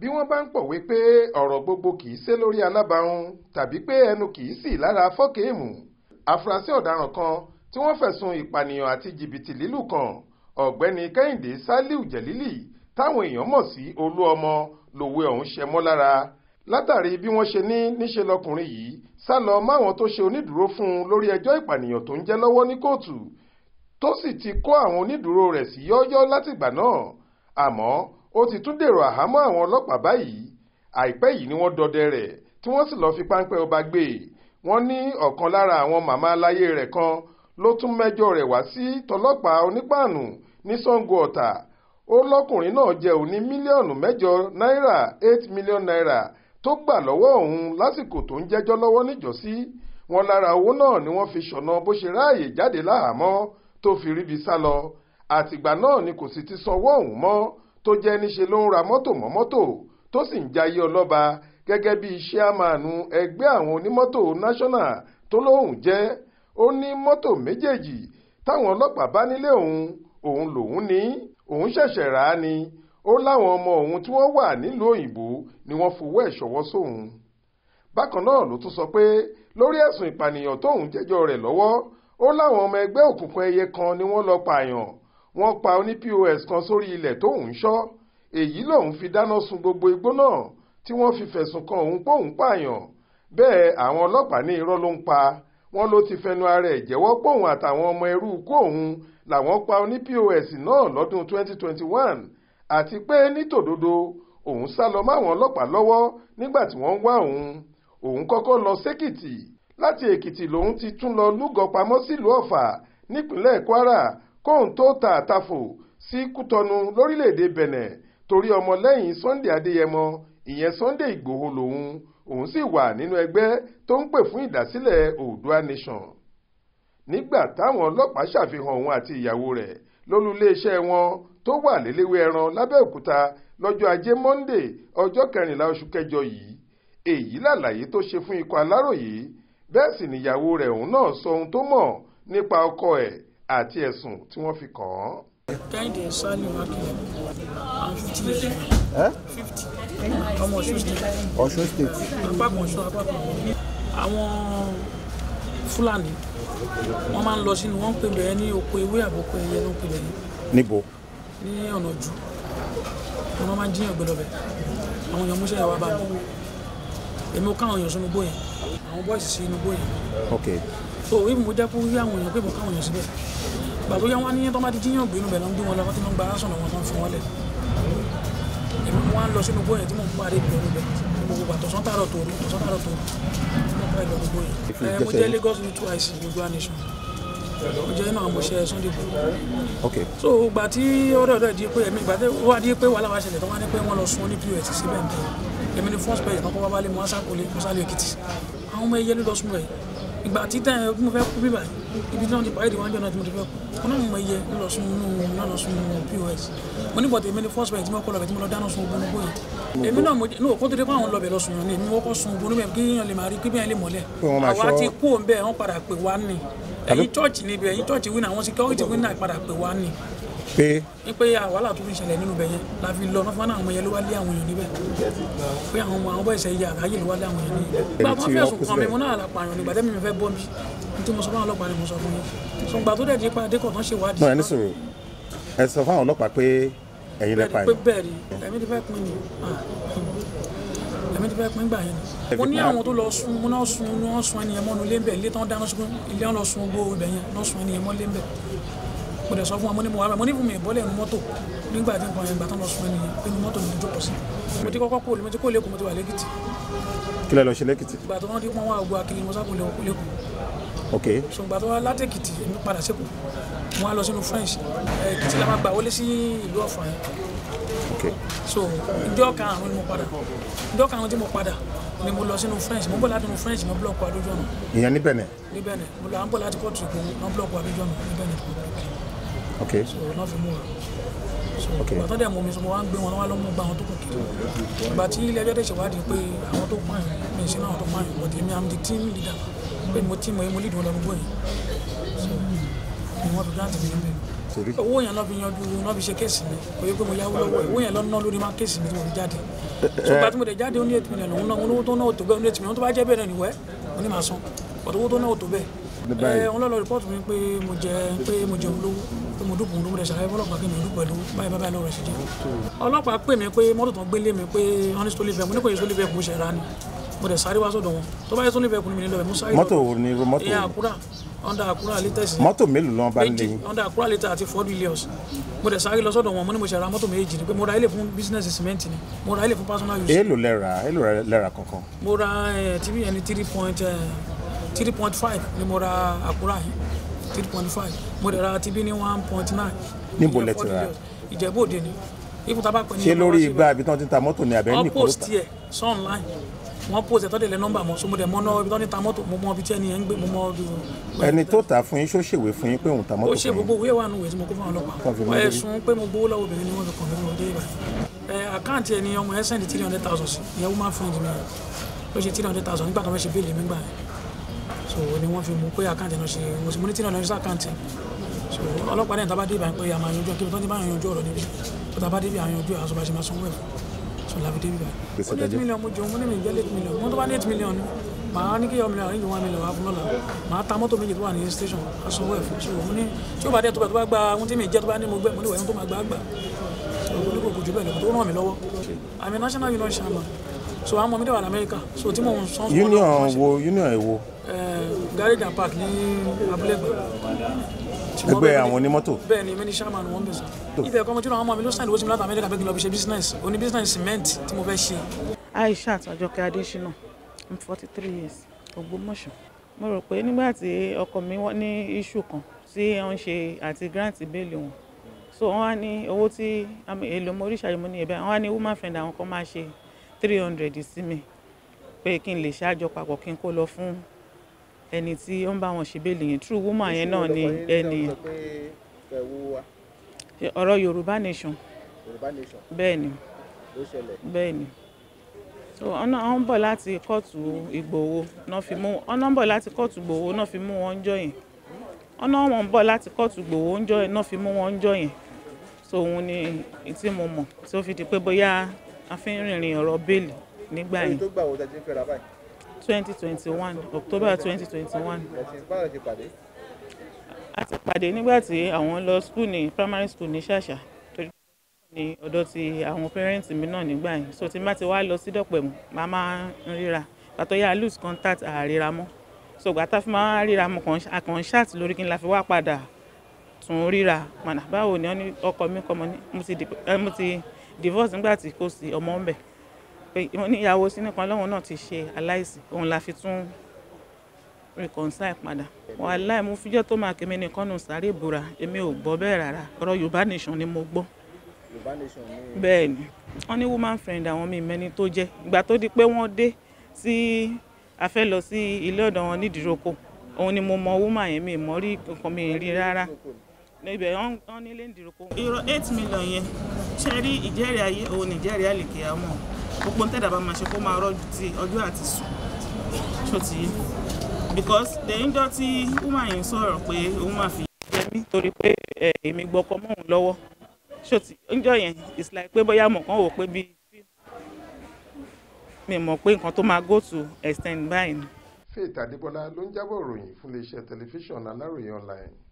bí wọ́n bá ń pọ̀ wípé ọ̀rọ̀ gbogbo kì í ṣe lórí alábàáhùn tàbí pé ẹnu kì í sì lára fọ́kèémù àfúrásì ọ̀daràn kan tí wọ́n fẹ̀sùn ìpànìyàn àti jìbìtì lílù kan ọ̀gbẹ́ni kẹ́hìndé saliu jẹ̀lílì táwọn èèyàn mọ̀ sí olú ọmọ lòwe ọ̀hún ṣe mọ́ lára látàrí bí wọ́n ṣe ní níṣe lọkùnrin yìí sá lọ máwọn tó ṣe onídùúró fún un lórí ẹjọ́ ìpànìyàn tó ń jẹ́ lọ́wọ́ ní kóòtù tó sì ti kó àwọn onídùúró rẹ̀ sí yọ́ọ́yọ́ látìgbà náà àmọ́ ó ti tún dèrò àhámọ́ àwọn ọlọ́pàá báyìí àìpẹ́ yìí ni wọ́n dọdẹ rẹ̀ tí wọ́n sì lọ́ọ́ fi páńpẹ́ ọba gbé e wọ́n ní ọ̀kan lára àwọn màmá aláyé rẹ̀ kan ló tún mẹ́jọ rẹ̀ wá sí tọlọ́pàá onípàànù ní Sango Ọ̀tà ó lọ́kùnrin náà jẹ́ òní mílíọ̀nù mẹ́jọ náírà eight million naira tó gbà lọ́wọ́ òun lásìkò tó ń jẹ́jọ́ lọ́wọ́ níjọ́sí wọ́n lára owó náà ni wọ́n fi ṣọ̀nà bó ṣe ráàyè jáde láhàámọ́ tó fi ríbi sá lọ àtìgbà náà ni kò sì ti sanwó ọ̀hún mọ́ tó jẹ́ níṣe ló ń ra mọ́tò mọ́ mọ́tò tó sì ń jayé ọlọ́ba gẹ́gẹ́ bíi ṣíàmánu ẹgbẹ́ àwọn onímọ́tò national tó lóun jẹ́ ó ní mọ́tò méjèèjì táwọn ọlọ́pàá bá nílé òun òun lòun ní òun ṣẹ̀ṣẹ̀ rà á ni ó láwọn ọmọ òun tí wọ́n wà nílùú òyìnbó ni wọ́n fowó ẹ̀ ṣọwọ́ sóun bákan náà ló tún sọ pé lórí ẹ̀sùn ìpànìyàn tóun jẹ́jọ́ rẹ̀ lọ́wọ́ ó láwọn ọmọ ẹgbẹ́ òkùnkùn ẹyẹ kan ni wọ́n lọ pààyàn wọ́n pa oní pos kan sórí ilẹ̀ tó ń ṣọ́ èyí lòun fi dáná sun gbogbo igbó náà tí wọ́n fi fẹ̀sùn kan òun pé òun pààyàn bẹ́ẹ̀ àwọn ọlọ́pàá ní irọ́ ló ń pa wọ́n ló ti fẹnu ara ẹ̀ jẹ́wọ́ póun àtàwọn ọmọ ẹrú ikú òun làwọn pa oní pos náà lọ́dún 2021 àti pé nítòdodo òun sá lọ máwọn ọlọ́pàá lọ́wọ́ nígbà tí wọ́n ń wá òun òun kọ́kọ́ lọ sékìtì láti èkìtì lòun ti tún lọ lúgọ pamọ́ sílùú ọ̀fà nípínlẹ̀ kwara kóun tó ta àtàfò sí kútọnu lórílẹ̀‐èdè benin torí ọmọlẹ́yìn sunday adéyẹmọ ìyẹn sunday ìgbòho lòun òun sì wà nínú ẹgbẹ́ tó ń pè fún ìdásílẹ̀ oòduà nation nígbà táwọn ọlọ́pàá ṣàfihàn òun àti ìyàwó rẹ̀ lólú iléeṣẹ́ wọn tó wà léléwé ẹran lábẹ́òkúta lọ́jọ́ ajé monde ọjọ́ kẹrìnlá oṣù kẹjọ yìí èyí làlàyé tó ṣe fún ikọ̀ aláròyé bẹ́ẹ̀ sì nìyàwó rẹ̀ òun náà sọ ohun tó mọ̀ nípa ọkọ ẹ̀ àti ẹ̀sùn tí wọ́n fi kàn án. kẹ́hìndé sani makinde fifty fifty ọmọ ọ̀ṣun state. ọ̀ṣun state. apákan ọ̀ṣun apákan àwọn fúlàní wọ́n máa ń lọ sínú wọ́n ń pè bẹ́ẹ̀ ní oko ewé àbòkọ ẹyẹ ló ń pè bẹ́ẹ̀. níbo. ní ọ̀nà jù wọ́n máa ń jiyàn gbẹdọ̀ bẹ̀ àwọn èèyàn múṣẹ́ ìwà bá mi èmi ò káwọn èèyàn sínú gbó yẹn àwọn bọ́ọ̀sì sínú gbó yẹn so èyí mo jẹ́ kó rí àwọn èèyàn pé mo káwọn èèyàn síbẹ̀ bàbá yá wọn níyẹn tó bá ti jíyàn gbénu bẹ̀ lọ́n gbé wọn lọ́wọ́ tí wọ́n gba aṣọ lọ́wọ́ tó ń fi wọn lẹ̀ èmi wọn lọ sínú gbóyè tí mò ń parí ìgbẹ́rù bẹ̀ gbogbo gbà tọ̀sán tààrọ̀ tòru tọ̀sán tààrọ̀ tòru mo pa ìlọ gbogbo yìí mo jẹ́ Lagos ní twice gbogbo anation mo jẹ́ náà mo ṣe Sunday Igboho so gbà tí ọ̀rẹ́ ọ̀rẹ́ di pé ẹ̀mí gbà tí ó wá di pé wàhálà wa ṣẹlẹ̀ tó wá ní pé wọ́n lọ sun ní pos síbẹ̀ nìyẹn èmi ni first page kan kọ́ wá balẹ̀ mo wá sákòlé mo sálẹ̀ Èkìtì àwọn ọmọ ẹyẹ ló lọ sún bẹ́ẹ̀ ìgbà tí tẹ́ ẹ mo fẹ́ kú bíbà ibi tí wọ́n ti pàdé ìwájú ọ̀nà tí mo ti fẹ́ kú wọn náà mo yẹ lọ́sùn inú lọ́sùn pos mo ní bọ̀tẹ̀ mi ní first bẹ̀rẹ̀ tí mo kọ́ lọ́bẹ̀ tí mo lọ dáná sun ogun gbó yẹn èmi náà mo ní òkú tó dé fún àwọn lọ́bẹ̀ lọ́sùn yẹn ni èmi wọ́n kọ́ sun ogun níbẹ̀ kí èèyàn lè máa rí kí bẹ́ẹ̀ lè mọ̀lẹ́ àwa ti kú òun bẹ́ẹ̀ wọ́n padà pè wá nì ẹ̀yin church níbi ẹ̀yin church winner àwọn security winner padà pè wá ni. pé pé wàhálà tó fi ṣẹlẹ̀ nínú bẹ̀ yẹn la fi lọ nọ́fọ́nà àwọn yẹn ló wá lé àwọn èèyàn níbẹ̀ pé àwọn ọmọ àwọn bọ́ ẹ̀sẹ̀ yà ráyè ló wá lé àwọn èèyàn níbẹ̀. gba àwọn o kan mi mo náà la pààyàn nígbà tẹ́mi mi fẹ́ bọ́ mi nítorí mo sọ fún àwọn ọlọ́pàá ni mo sọ fún yín sọgbà tó dẹ̀ di pa adékọ̀ tán ṣe wádìí. mọ̀ ẹ́ nísìnyí ẹ sọ fún àwọn ọlọ́pàá pé ẹ̀yin èmi ti fẹ́ pín gbà yẹn ni mo ní àwọn tó lọ sun mo náà sun ní wọ́n sun ẹnìyẹn mọ́nu lébẹ̀ ilé tán dáná sun ilé wọn lọ sun gbogbo ibẹ̀ yẹn lọ sun ẹnìyẹn mọ́ lébẹ̀ mo dẹ̀ sọ fún wọn mo ní mo wà mo ní fún mi ìbọ́lẹ̀ nu mọ́tò nígbà tí nǹkan yẹn gbà tán lọ sun ẹnìyẹn pé nu mọ́tò mi jókòó sí mo ti kọ́kọ́ kó mo ti kó lẹ́kùn mo ti wà lẹ́kìtì. kí lọ ṣe lẹ́kìtì. ìgbà tó french èkìtì la máa gbà wọlé sí so ìjọ karùn-ún ni mo padà ìjọ karùn-ún tí mo padà ni mo lọ sínú french mo bọ̀ láti inú french ní blọọkù àdójọ́ nù. ìyẹn ní bẹ̀nẹ̀. ní bẹ̀nẹ̀ mo là ń bọ̀ láti kóòtù ìgbò ní blọọkù àdójọ́ nù ní bẹ̀nẹ̀. ok so náà fi mú wa so bàtà dẹ̀ mọ̀ mi sọ mo wá ń gbé wọn wá lọ́ mú gba àwọn tó kù kiri ìgbà tí ilé ẹjọ́ dẹ̀ ṣèwádìí pé àwọn tó pààyàn mi ìṣẹ́ náà tó pààyàn but èmi am torí. owó yẹn lọ fi yanjú lọ fi ṣe kéèsì mi kò yẹ pé mo yáwó lọ́wọ́ owó yẹn lọ ná lórí máa kéèsì mi tí mo fi jáde ṣùgbọ́n tí mo dẹ̀ jáde ó ní eight million òun náà olówó tó náà tó bẹ́ẹ̀ ó ní eight million tó bá jẹ́ bẹ́ẹ̀ náà nìwẹ́ ó ní màá san ọ̀dọ̀ owó tó náà tó bẹ́ẹ̀ ẹ wọn lọ lọ rìpọ́tù mi pé mo jẹ pé mo jẹ olówó pé mo dúpọ̀ olówó rẹ̀ ṣàlàyé fọlọ́pàá kí mi dúpọ̀ lówó báyìí báyìí lọ́rọ̀ ṣe jẹ́ ọlọ́pàá pè mí pé mọ́tò tán gbélé mi pé wọ́n ní sólífẹ́ mo ní kò yẹ sólífẹ́ kò ṣe ra ni mo dẹ̀ sáré wá sọ́dọ̀ wọn tó bá yẹ sólífẹ́ kò ní mi nílò ẹ̀ mo sáré mọ́tò wo ni under Acura latest. mọ́tò mélòó ló ń bá nílé yín. under Acura latest àti Ford Helios mo dẹ̀ sáré lọ sọ́dọ̀ wọn mo ní mo ṣe ra mọ́tò méjì ni pé mo ra ilé fún business cement ni mo ra ilé fún personal use. èèlò lẹ́ra èèlò lẹ́ra kankan. mo ra eh, tbn three point eh, three point five ni mo ra Acura yìí three point five mo dẹ̀ ra tbn one point nine. níbo lẹ ti ra Ìjẹ̀bú Òde ni. ṣé lórí igbá ibi tí wọ́n ti ta mọ́tò ni àbẹ́ ní kòrótà. uppost tiẹ̀ sunline wọ́n post ẹ̀ tọ́lẹ̀ lẹ́ nọ́mbà mọ́ so mo dẹ̀ mọ́ náà ibi tó ní ta mọ́tò mo mọ ibi tí ẹni yẹn ń gbé mo mọ. ẹni tó ta fún yín ṣó ṣèwé fún yín pé òun ta mọ́tò fún yín. ó ṣe gbogbo òwe wà nù wẹ̀ tí mo kó fún ọlọ́pàá ẹ̀sùn pé mo gbowó lọ́wọ́ obìnrin ni wọ́n fi kàn mí lọ́wọ́ dé ibà àkáǹtì ẹni ọmọ ẹ sẹ́ndì three hundred thousand sí ìyẹn woman friend mi ló ṣe three hundred thousand nígbà tó fẹ́ ṣe bíìlì mi gbà yẹn so ni wọ́n fi mú pé àkáǹtì náà ṣe mo sì mú ní three hundred àkáǹtì so ọlọ́pàá dẹ̀ ní tábàdé ìbá ń pé àmà yanjú ọkẹ́ tó ní bá yanjú ọ̀rọ̀ níbi tó tábàdé ìbá yanjú àṣọ bá ṣe máa sanwó ẹ̀fọ́ sọ làbídé bíbá ó ní eight million mo jẹun mo ní mi jẹ́ eight million mo tó bá ní eight million ni màá ní kí ọmọ ìlànà ìjọba mi lọ wá fún lọ́la màá ta mọ́tò méjì tó wà ní station aṣọwọ́ ẹ̀fọ́ tí òun ní tí ó bá dé tó bá tó bá gba ohun tí mi jẹ́ tó bá ní mo gbẹ mo ní wẹ̀yìn tó máa gbà gbà òun ní kò kò jù bẹ́ẹ̀ lọ tó ràn mí lọ́wọ́ àmì national union chairman wo union ẹ̀ wo. Eh, garage park ní abúlé ẹgbẹ́ àwọn onímọ́tò. bẹ́ẹ̀ ni many sherman wọn bẹ sọ ibẹ̀ kọ́ mọ́tò àwọn ọmọ mi ló sàn lówó sí mi láti amẹ́ríkà bẹ́ẹ̀ kí n lọ fi ṣe business oní business cement tí mo fẹ́ ṣe. Aishat Àjọkẹ́ Adésínà i'm forty three years Ògbómọ̀ṣọ́ mo rò pé nígbà tí ọkọ mi ní issue kan tí wọ́n ṣe àti grant bẹ́ẹ̀lì wọn so wọ́n wá ní owó tí èlò mo ríṣà yìí mo ní ẹ̀bẹ̀ wọ́n wá ní woman friend àwọn kan máa ṣe three hundred sí mi pé kí n lè ṣáàjọ papọ̀ kí n kó lọ fún ẹni tí ó ń bá wọn ṣe béèlì yẹn true woman yẹn náà ni ẹni ọ̀rọ̀ yorùbá nation bẹ́ẹ̀ ni bẹ́ẹ̀ ni ọ̀nà ń bọ̀ láti kóòtù ìgbòho náà fi mú ọ̀nà ń bọ̀ láti kóòtù ìgbòho náà fi mú wọn jọ yẹn ọ̀nà wọn bọ̀ láti kóòtù ìgbòho náà fi mú wọn jọ yẹn so òun ni tí mo mọ̀ tí ó fi di pé bóyá a fi ń rìnrìn ọ̀rọ̀ béèlì nígbà yẹn. ẹni tó gbà wo ta ti ń fẹ́ra báyìí. 2021, twenty one october twenty twenty one. a ti pàdé nígbà tí àwọn lọ school ní primary school ní ṣàṣà torí ní ọ̀dọ̀ ti àwọn parents mi náà nígbà yẹn so tí n bá ti wá lọ sí dọ̀pẹ̀mù màá máa ń ríra pàtó yà lose contact àríra mọ́ so gbàtà fún máa ríra mọ́ àkàn ṣáàtì lórí kí n la fi wá padà tún ríra padà báwo ni ọkọ mi kọ́ mo ti divorce nígbà tí kò sí ọmọ ń bẹ̀ pé oníyàwó sínìkan lọ́hùn náà ti ṣe aláìsí òun la fi tún reconcile padà wàláì mo fíjọ́ tó máa kémi nìkan nù sáré ìbúra èmi ò gbọ́ bẹ́ẹ̀ rárá ọ̀rọ̀ Yorùbá Nation ni mo gbọ́ bẹ́ẹ̀ ni wọ́n ní woman friend àwọn mi mẹ́ni tó jẹ́ ìgbà tó di pé wọ́n dé sí a fẹ́ lọ sí ilé ọ̀dọ̀ wọn nídìíroko òun ni mo mọ woman yẹn mi mọ́ rí nǹkan mi rí rárá ibẹ̀ wọ́n nílé nídìíroko. irọ́ eight million yẹn ṣe rí ìjẹ́rìí ayé òun ìjẹ́rìí àlèkè àwọn gbogbo ń tẹ̀dá máa ṣe kó máa rọ́jú tí ọjọ́ àti sùn ṣó ti yé because lẹ́yìndọ́ tí woman yìí sọ̀rọ̀ pé òun máa fi jẹ mí torí pé eh, èmi gbọ́kọ mọ́ òun lọ́wọ́ ṣó ti oúnjẹ yẹn it's like pé bóyá mọ̀ kán wò pé bíi mi mọ̀ pé nǹkan tó máa go to extend báyìí. Faith Adébọlá ló ń jábọ̀ ròyìn fún iléeṣẹ́ tẹlifíṣàn Aláròye online.